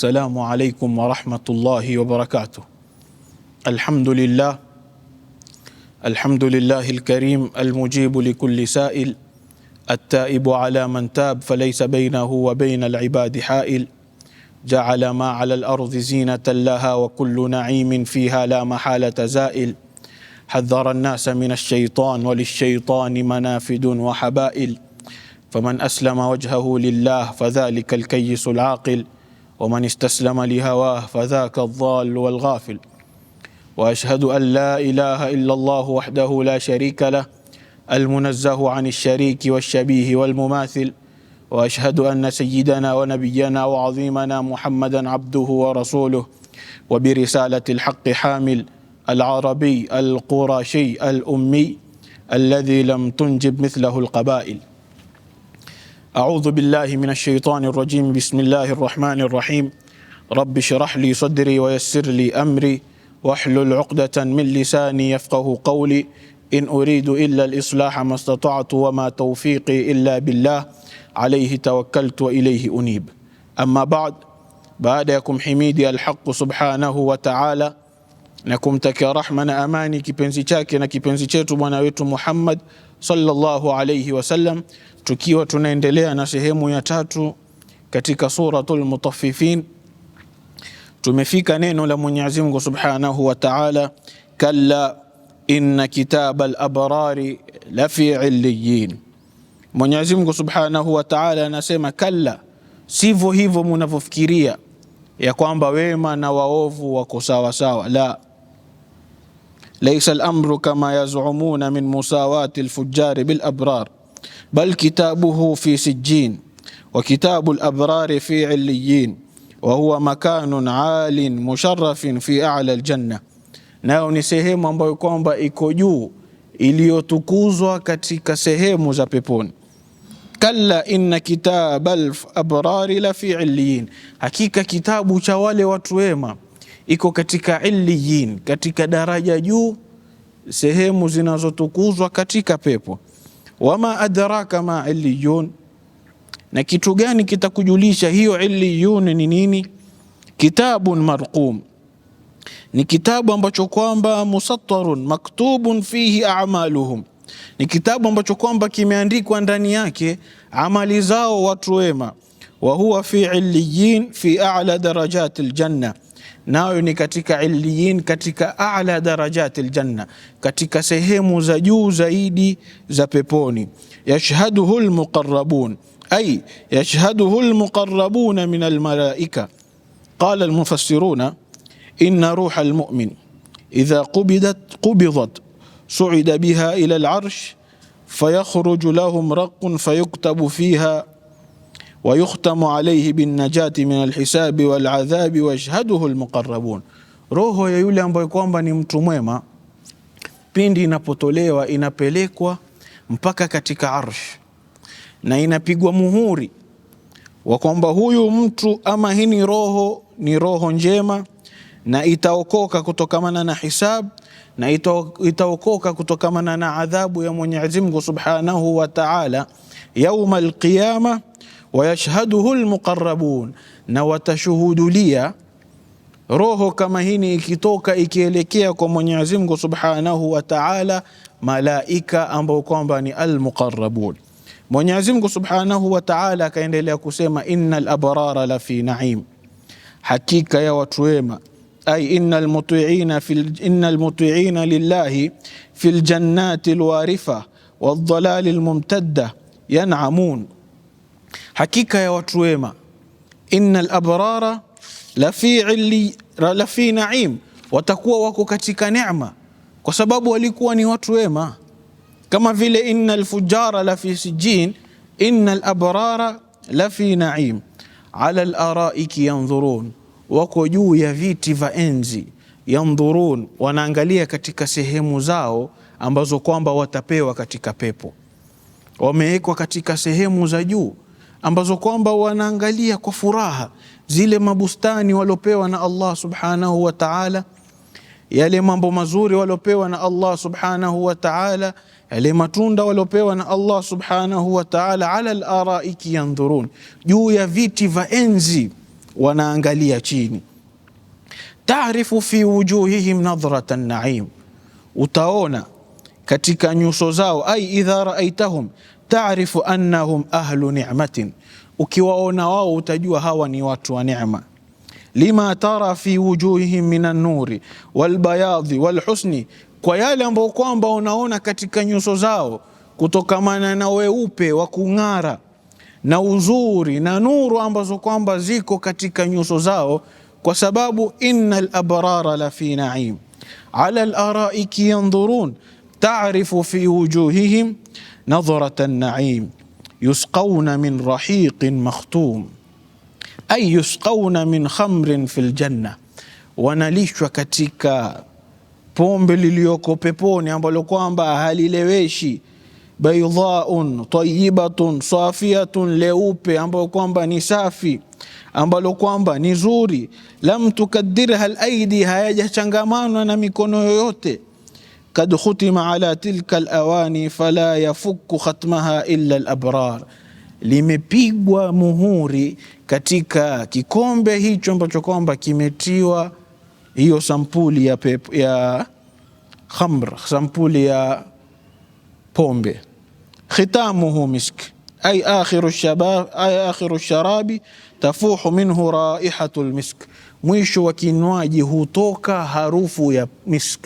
السلام عليكم ورحمه الله وبركاته الحمد لله الحمد لله الكريم المجيب لكل سائل التائب على من تاب فليس بينه وبين العباد حائل جعل ما على الارض زينه لها وكل نعيم فيها لا محاله زائل حذر الناس من الشيطان وللشيطان منافد وحبائل فمن اسلم وجهه لله فذلك الكيس العاقل ومن استسلم لهواه فذاك الضال والغافل واشهد ان لا اله الا الله وحده لا شريك له المنزه عن الشريك والشبيه والمماثل واشهد ان سيدنا ونبينا وعظيمنا محمدا عبده ورسوله وبرساله الحق حامل العربي القرشي الامي الذي لم تنجب مثله القبائل أعوذ بالله من الشيطان الرجيم بسم الله الرحمن الرحيم رب اشرح لي صدري ويسر لي أمري واحلل عقدة من لساني يفقه قولي إن أريد إلا الإصلاح ما استطعت وما توفيقي إلا بالله عليه توكلت وإليه أنيب أما بعد بعدكم حميدي الحق سبحانه وتعالى نكم تك رحمن أماني كي بنزي تاكي na kipenzi chetu محمد صلى الله عليه وسلم tukiwa tunaendelea na sehemu ya tatu katika Suratul Mutaffifin, tumefika neno la Mwenyezi Mungu Subhanahu wa Ta'ala, kalla inna kitaba al-abrari la fi illiyin. Mwenyezi Mungu Subhanahu wa Ta'ala anasema kalla, sivyo hivyo mnavyofikiria ya kwamba wema na waovu wako sawa sawa. La, laisa al-amru kama yazumuna min musawati al-fujjari bil abrar bal kitabuhu fi sijjin wa kitabu labrari fi illiyin wa huwa makanun alin musharafin fi ala aljanna, nayo ni sehemu ambayo kwamba iko juu iliyotukuzwa katika sehemu za peponi. Kalla inna kitaba labrari la fi illiyin, hakika kitabu cha wale watu wema iko katika illiyin, katika daraja juu, sehemu zinazotukuzwa katika pepo wama adraka ma illiyun, na kitu gani kitakujulisha hiyo illiyun ni nini? Kitabun marqum, ni kitabu ambacho kwamba musattarun maktubun fihi a'maluhum, ni kitabu ambacho kwamba kimeandikwa ndani yake amali zao watu wema. Wa huwa fi illiyin fi a'la darajati aljanna nayo ni katika illiyin, katika a'la darajati aljanna, katika sehemu za juu zaidi za peponi. Yashhaduhu almuqarrabun ay yashhaduhu almuqarrabuna min almalaika. Qala almufassiruna inna ruha almu'min idha qubidat qubidat su'ida biha ila alarsh fayakhruju lahum raqqun fayuktabu fiha wayukhtamu alayhi binnajati min alhisabi waladhabi wayashhaduhu almuqarrabun, roho ya yule ambaye kwamba ni mtu mwema pindi inapotolewa inapelekwa mpaka katika arsh na inapigwa muhuri wa kwamba huyu mtu ama hini roho ni roho njema na itaokoka kutokamana na hisab na itaokoka kutokamana na adhabu ya Mwenyezi Mungu Subhanahu wa Ta'ala, yauma alqiyama wayashhaduhu almuqarrabun, na watashuhudulia roho kama hini ikitoka ikielekea kwa Mwenyezi Mungu Subhanahu wa Ta'ala, malaika ambao kwamba ni almuqarrabun. Mwenyezi Mungu Subhanahu wa Ta'ala akaendelea kusema innal abrara lafi naim, hakika ya watu wema ay innal mutiina fil innal mutiina lillahi fil jannati alwarifa wadhalali almumtadda yan'amun hakika ya watu wema, innal abrara lafi naim, watakuwa wako katika neema, kwa sababu walikuwa ni watu wema. Kama vile innal fujara lafi sijin, innal abrara lafi naim, ala laraiki yandhurun, wako juu ya viti vya enzi. Yandhurun, wanaangalia katika sehemu zao ambazo kwamba watapewa katika pepo, wamewekwa katika sehemu za juu ambazo kwamba wanaangalia kwa furaha zile mabustani waliopewa na Allah subhanahu wa ta'ala, yale mambo mazuri waliopewa na Allah subhanahu wa ta'ala, yale matunda waliopewa na Allah subhanahu wa ta'ala. Ala al-araiki yandhurun, juu ya viti vya enzi wanaangalia chini. Taarifu fi wujuhihim nadhrata an-na'im, utaona katika nyuso zao. Ai idha raaitahum tarifu annahum ahlu ni'matin, ukiwaona wao utajua hawa ni watu wa neema. Lima tara fi wujuhihim min an walbayadhi walhusni, kwa yale ambayo kwamba unaona katika nyuso zao kutokamana na weupe wa kung'ara na uzuri na nuru ambazo kwamba ziko katika nyuso zao, kwa sababu innal labrara la fi na'im ala laraiki yandhurun ta'rifu fi wujuhihim nadhrata naim yusqauna min rahiqin makhtum ay yusqauna min khamrin fil janna, wanalishwa katika pombe liliyoko peponi ambalo kwamba halileweshi, baydhaun tayyibatun safiyatun, leupe ambalo kwamba ni safi, ambalo kwamba ni zuri, lam tukaddirha alaidi, hayajachangamanwa na mikono yoyote قد ختم على تلك الاواني فلا يفك ختمها الا الابرار limepigwa muhuri katika kikombe hicho ambacho kwamba kimetiwa hiyo sampuli ya, ya khamr, sampuli ya pombe. khitamuhu misk ay akhiru shabab ay akhiru sharabi tafuhu minhu raihatu lmisk, mwisho wa kinywaji hutoka harufu ya misk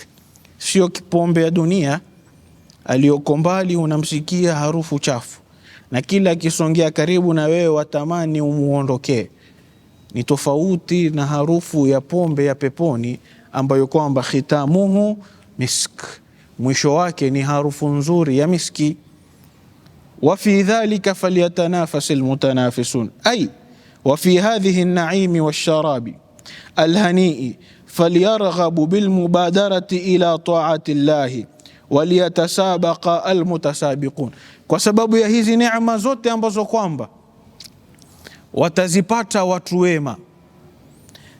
sio pombe ya dunia aliyoko mbali unamsikia harufu chafu, na kila akisongea karibu na wewe watamani umuondokee. Ni tofauti na harufu ya pombe ya peponi ambayo kwamba khitamuhu misk, mwisho wake ni harufu nzuri ya miski. Wa fi dhalika falyatanafas almutanafisun, ai wa fi hadhihi an-na'imi wash alhanii falyarghabu bilmubadarati ila taati llahi waliyatasabaqa almutasabiqun, kwa sababu ya hizi neema zote ambazo kwamba watazipata watu wema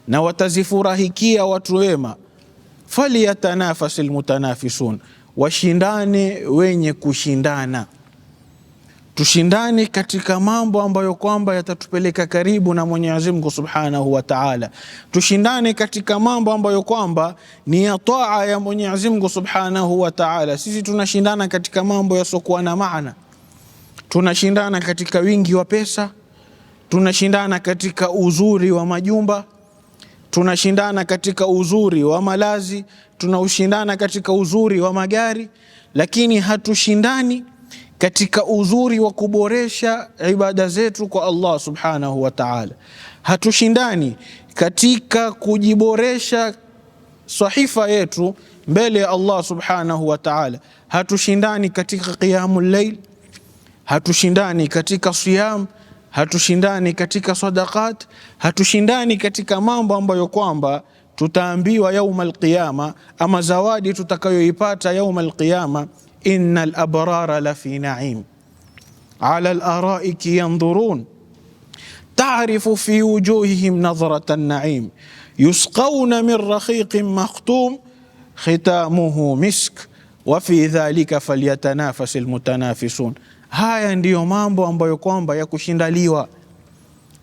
na watazifurahikia watu wema. Falyatanafasi lmutanafisun, washindane wenye kushindana tushindane katika mambo ambayo kwamba yatatupeleka karibu na Mwenyezi Mungu Subhanahu wa Ta'ala. Tushindane katika mambo ambayo kwamba ni ya taa ya Mwenyezi Mungu Subhanahu wa Ta'ala. Sisi tunashindana katika mambo yasiokuwa na maana, tunashindana katika wingi wa pesa, tunashindana katika uzuri wa majumba, tunashindana katika uzuri wa malazi, tunaushindana katika uzuri wa magari, lakini hatushindani katika uzuri wa kuboresha ibada zetu kwa Allah subhanahu wa ta'ala. Hatushindani katika kujiboresha sahifa yetu mbele ya Allah subhanahu wa ta'ala, hatushindani katika qiyamu layl, hatushindani katika siyam, hatushindani katika sadaqat, hatushindani katika mambo ambayo kwamba tutaambiwa yauma qiyama, ama zawadi tutakayoipata yauma innal abrara lafi naim ala laraiki yandhurun tarifu fi wujuhihim nadhrata naim yusqauna min rahiqin makhtum khitamuhu misk wa fi dhalika falyatanafasi lmutanafisun. Haya ndiyo mambo ambayo kwamba ya kushindaliwa,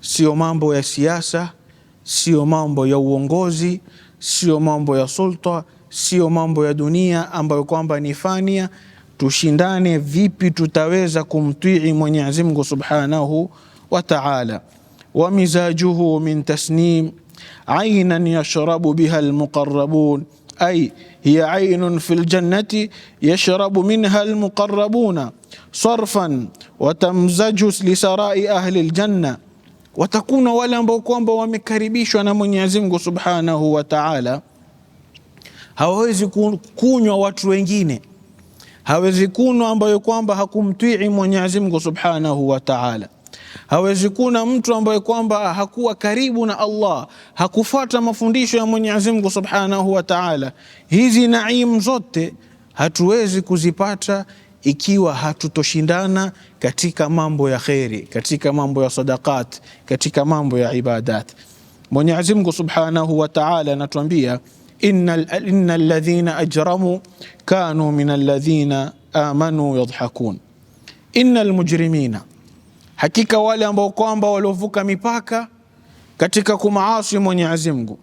siyo mambo ya siasa, siyo mambo ya uongozi, siyo mambo ya sulta, siyo mambo ya dunia ambayo kwamba ni fania tushindane vipi tutaweza kumtii Mwenyezi Mungu Subhanahu wa Ta'ala. wa mizajuhu min tasnim ainan yashrabu biha almuqarrabun ay hiya ainun fi ljannati yashrabu minha almuqarrabuna sarfan watamzaju lisarai ahli ljanna watakuna wale ambao kwamba wamekaribishwa na Mwenyezi Mungu Subhanahu wa Ta'ala hawawezi kunywa watu wengine hawezi kuna ambayo kwamba hakumtii Mwenyezi Mungu Subhanahu wa Ta'ala. Hawezi kuna mtu ambaye kwamba hakuwa karibu na Allah, hakufuata mafundisho ya Mwenyezi Mungu Subhanahu wa Ta'ala. Hizi naimu zote hatuwezi kuzipata ikiwa hatutoshindana katika mambo ya kheri, katika mambo ya sadaqat, katika mambo ya ibadat. Mwenyezi Mungu Subhanahu wa Ta'ala anatuambia inna alladhina ajramu kanu min alladhina amanu yadhhakun. Innal mujrimina, hakika wale ambao kwamba waliovuka mipaka katika kumaasi Mwenyezi Mungu.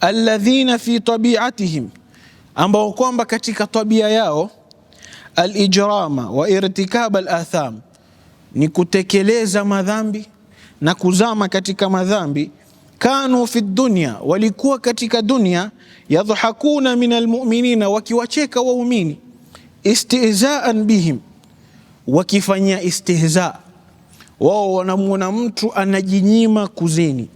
Alladhina fi tabiatihim, ambao kwamba katika tabia yao alijrama wa irtikab alatham, ni kutekeleza madhambi na kuzama katika madhambi kanu fi dunya, walikuwa katika dunia yadhahakuna min almu'minina, wakiwacheka waumini, istihzaan bihim, wakifanyia istihza wao. Wanamwona mtu anajinyima kuzini,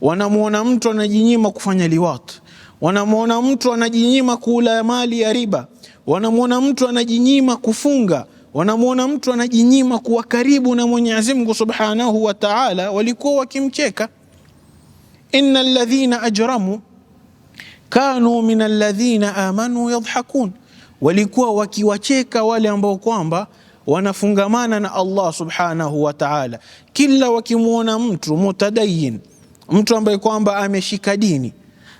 wanamwona mtu anajinyima kufanya liwat, wanamwona mtu anajinyima kula mali ya riba, wanamwona mtu anajinyima kufunga wanamwona mtu anajinyima kuwa karibu na Mwenyezi Mungu Subhanahu wa Ta'ala, walikuwa wakimcheka inna alladhina ajramu kanu min alladhina amanu yadhhakun, walikuwa wakiwacheka wale ambao kwamba wanafungamana na Allah subhanahu wa ta'ala. Kila wakimwona mtu mutadayin, mtu ambaye kwamba ameshika dini,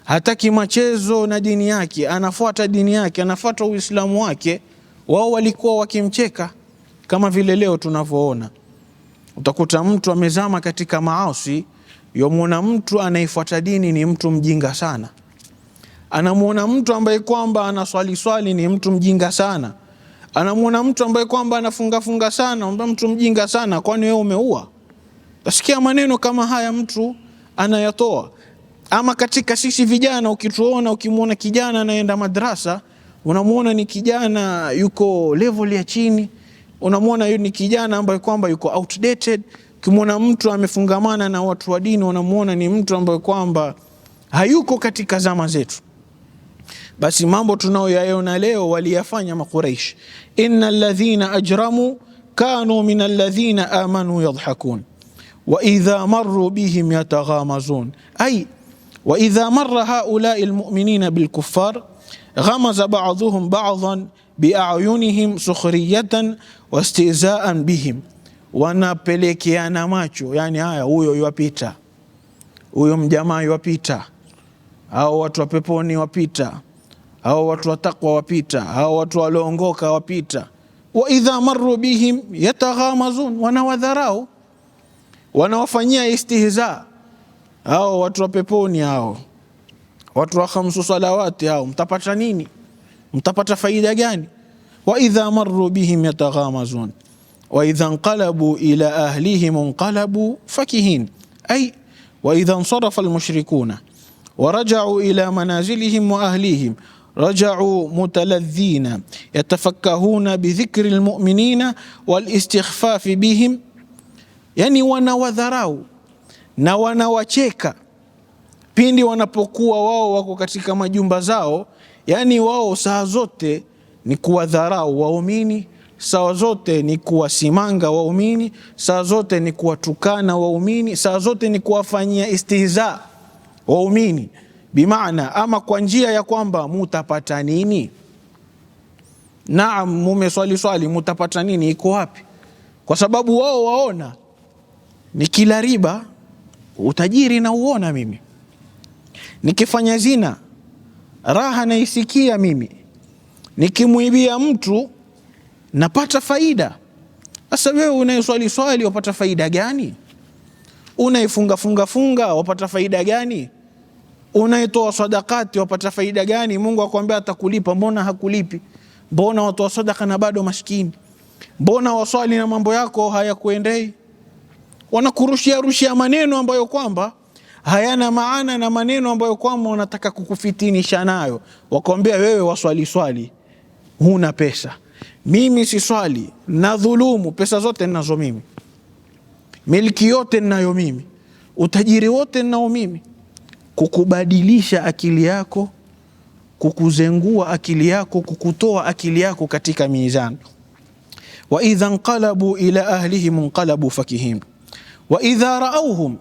hataki machezo na dini yake, anafuata dini yake, anafuata Uislamu wake, wao walikuwa wakimcheka, kama vile leo tunavyoona, utakuta mtu amezama katika maasi yomwona mtu anayefuata dini ni mtu mjinga sana, anamwona mtu ambaye kwamba anaswali swali ni mtu mjinga sana, anamwona mtu ambaye kwamba anafungafunga sana mtu mjinga sana. Kwani wewe umeua? Tasikia maneno kama haya mtu anayatoa. Ama katika sisi vijana, ukituona ukimwona kijana anaenda madrasa, unamwona ni kijana yuko level ya chini, unamwona ni kijana ambaye kwamba yuko outdated Ukimwona mtu amefungamana na watu wa dini, wanamwona ni mtu ambaye kwamba hayuko katika zama zetu. Basi mambo tunayoyaona leo waliyafanya Makuraish. Inna alladhina ajramu kanu min alladhina amanu yadhhakun wa idha marru bihim yataghamazun, ay wa idha marra haulai almu'minina bilkuffar ghamaza ba'dhuhum ba'dhan bi'ayunihim sukhriyatan wastihza'an bihim wanapelekeana macho, yani haya, huyo yuwapita, huyo mjamaa yuwapita, au watu wa peponi wapita, au watu wa takwa wapita, au watu walioongoka wapita. Wa idha marru bihim yataghamazun, wanawadharau, wanawafanyia istihza. au watu wa peponi hao, watu wa khamsu salawati hao, mtapata nini? Mtapata faida gani? Wa idha marru bihim yataghamazun waidha nqalabu ila ahlihim nqalabu fakihin, ay waidha nsarafa almushrikuna warajau ila manazilihim wa ahlihim rajau mutaladhina yatafakahuna bidhikri lmuminina walistikhfafi bihim, yani wanawadharau na wanawacheka pindi wanapokuwa wao wako katika majumba zao, yani wao saa zote ni kuwadharau waumini saa zote ni kuwasimanga waumini, saa zote ni kuwatukana waumini, saa zote ni kuwafanyia istihza waumini, bimaana ama kwa njia ya kwamba mutapata nini? Naam, swali swali, mutapata nini? Iko wapi? Kwa sababu wao waona ni kila riba utajiri na uona mimi, nikifanya zina raha naisikia mimi, nikimwibia mtu napata faida. Sasa wewe unayeswali swali wapata faida gani? Unayefunga funga funga wapata faida gani? Unayetoa sadakati wapata faida gani? Mungu akwambia atakulipa, mbona hakulipi? Mbona watoa sadaka na bado maskini? Mbona waswali na mambo yako hayakuendei? Wanakurushia rushia maneno ambayo kwamba hayana maana na maneno ambayo kwamba wanataka kukufitinisha nayo, wakwambia wewe waswali swali, huna pesa mimi siswali na dhulumu pesa zote ninazo mimi, milki yote ninayo mimi, utajiri wote ninao mimi. Kukubadilisha akili yako, kukuzengua akili yako, kukutoa akili yako katika mizani. wa idha nqalabu ila ahlihim nqalabu fakihim wa idha raauhum,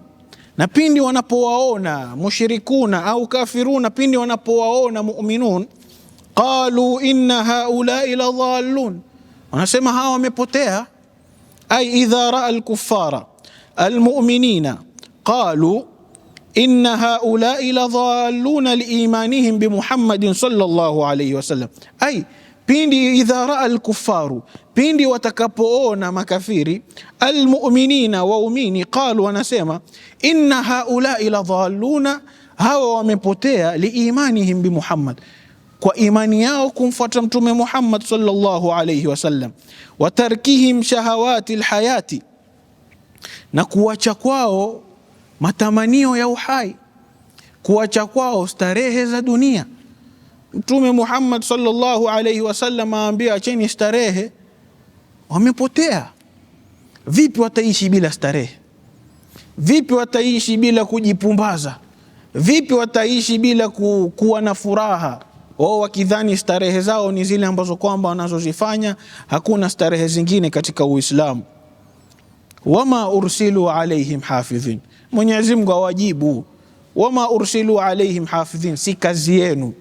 na pindi wanapowaona mushrikuna au kafiruna, pindi wanapowaona muminun qalu inna haulai la dhallun, wanasema hawa wamepotea. Ai idha raa alkuffara almuminina qalu inna haulai la liimanihim bimuhammadin sallallahu alayhi wasallam, ai pindi idha raa alkufaru, pindi watakapoona makafiri, almuminina waumini, qalu wanasema inna haulai la hawa wamepotea, liimanihim bimuhammad kwa imani yao kumfuata Mtume Muhammad sallallahu alayhi wasallam, wa tarkihim shahawati lhayati, na kuacha kwao matamanio ya uhai, kuacha kwao starehe za dunia. Mtume Muhammad sallallahu alayhi wasallam aambia, acheni starehe. Wamepotea. Vipi wataishi bila starehe? Vipi wataishi bila kujipumbaza? Vipi wataishi bila ku, kuwa na furaha wao oh, wakidhani starehe zao ni zile ambazo kwamba wanazozifanya, hakuna starehe zingine katika Uislamu. Wama ursilu alaihim hafidhin, Mwenyezi Mungu awajibu, wama ursilu alaihim hafidhin, si kazi yenu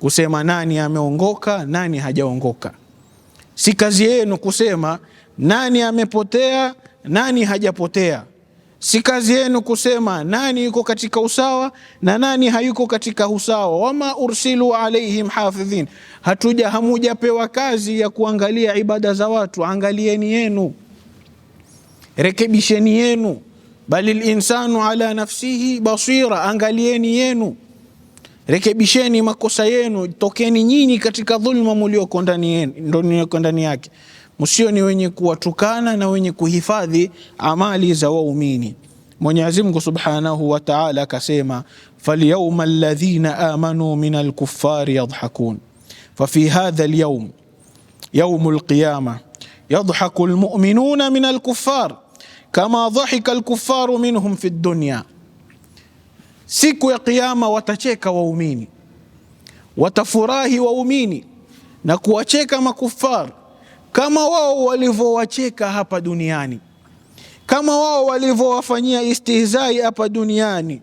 kusema nani ameongoka nani hajaongoka. Si kazi yenu kusema nani amepotea nani hajapotea. Si kazi yenu kusema nani yuko katika usawa na nani hayuko katika usawa. Wama ursilu alaihim hafidhin, hatuja hamujapewa kazi ya kuangalia ibada za watu. Angalieni yenu, rekebisheni yenu. Bali linsanu ala nafsihi basira, angalieni yenu, rekebisheni makosa yenu, tokeni nyinyi katika dhulma mulioko ndani yake msio ni wenye kuwatukana na wenye kuhifadhi amali za waumini. Mwenyezi Mungu Subhanahu wa Ta'ala akasema, falyauma alladhina amanu min alkuffari yadhhakun fafi hadha alyawm yawm alqiyama yadhhaku almu'minuna min alkuffar kama dhahika alkuffaru minhum fi dunya, siku ya Kiyama watacheka waumini, watafurahi waumini na kuwacheka makufar kama wao walivyowacheka hapa duniani, kama wao walivyowafanyia istihzai hapa duniani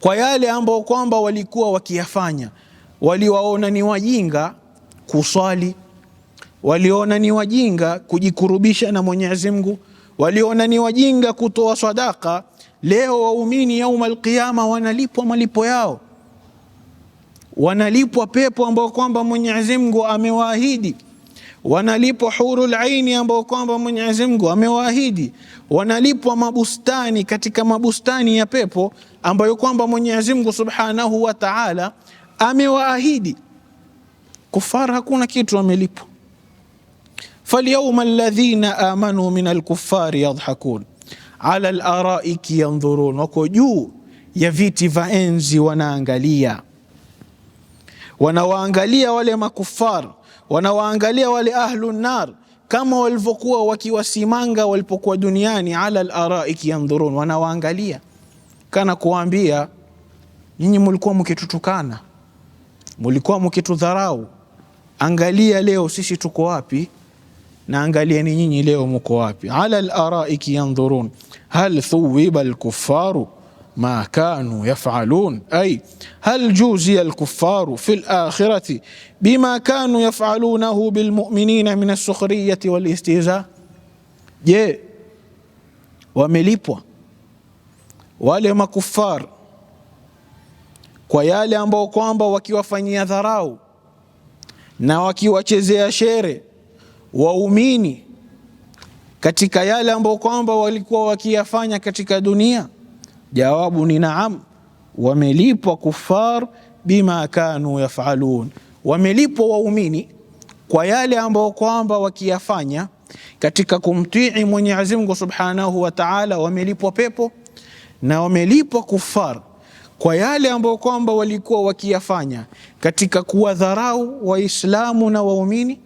kwa yale ambayo kwamba walikuwa wakiyafanya. Waliwaona ni wajinga kuswali, waliona ni wajinga kujikurubisha na Mwenyezi Mungu, waliona ni wajinga kutoa sadaka. Leo waumini yauma alqiyama wanalipwa malipo yao, wanalipwa pepo ambao kwamba Mwenyezi Mungu amewaahidi wanalipwa huru laini ambao kwamba Mwenyezi Mungu amewaahidi, wanalipwa mabustani katika mabustani ya pepo ambayo kwamba Mwenyezi Mungu Subhanahu wa Ta'ala amewaahidi. Kufara hakuna kitu amelipwa. falyawma alladhina amanu min alkuffari yadhhakun ala alaraiki yandhurun, wako juu ya viti vya enzi wanaangalia, wanawaangalia wale makufara wanawaangalia wale ahlu nar kama walivyokuwa wakiwasimanga walipokuwa duniani, ala laraiki yandhurun, wanawaangalia kana kuwaambia, nyinyi mulikuwa mkitutukana, mulikuwa mkitudharau, angalia leo sisi tuko wapi, na angalia ni nyinyi leo muko wapi. Ala laraiki yandhurun hal thuwiba lkufaru ma kanu yafalun ay hal juziya alkufaru fi lakhirati bima kanu yafalunahu bilmuminina min alsukhriyati walistihza, je, wamelipwa wale makufar kwa yale ambao kwamba wakiwafanyia dharau na wakiwachezea shere waumini katika yale ambao kwamba walikuwa wakiyafanya katika dunia Jawabu ni naam, wamelipwa kufar bima kanu yafalun, wamelipwa waumini kwa yale ambayo kwamba wakiyafanya katika kumtii Mwenyezi Mungu Subhanahu wa Ta'ala, wamelipwa pepo na wamelipwa kufar kwa yale ambayo kwamba walikuwa wakiyafanya katika kuwadharau Waislamu na waumini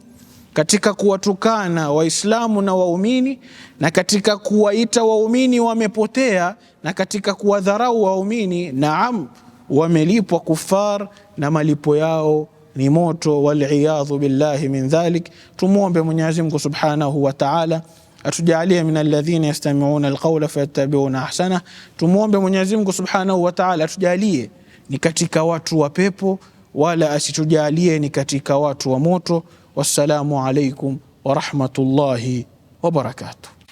katika kuwatukana Waislamu na waumini na katika kuwaita waumini wamepotea na katika kuwadharau waumini. Naam, wamelipwa kufar na malipo yao ni moto, waliyadhu billahi min dhalik. Tumwombe Mwenyezi Mungu subhanahu wa taala atujalie min alladhina yastami'una alqawla fayattabi'una ahsana. Tumwombe Mwenyezi Mungu subhanahu wa taala atujalie ni katika watu wa pepo wala asitujalie ni katika watu wa moto. Wassalamu alaikum warahmatullahi wabarakatuh.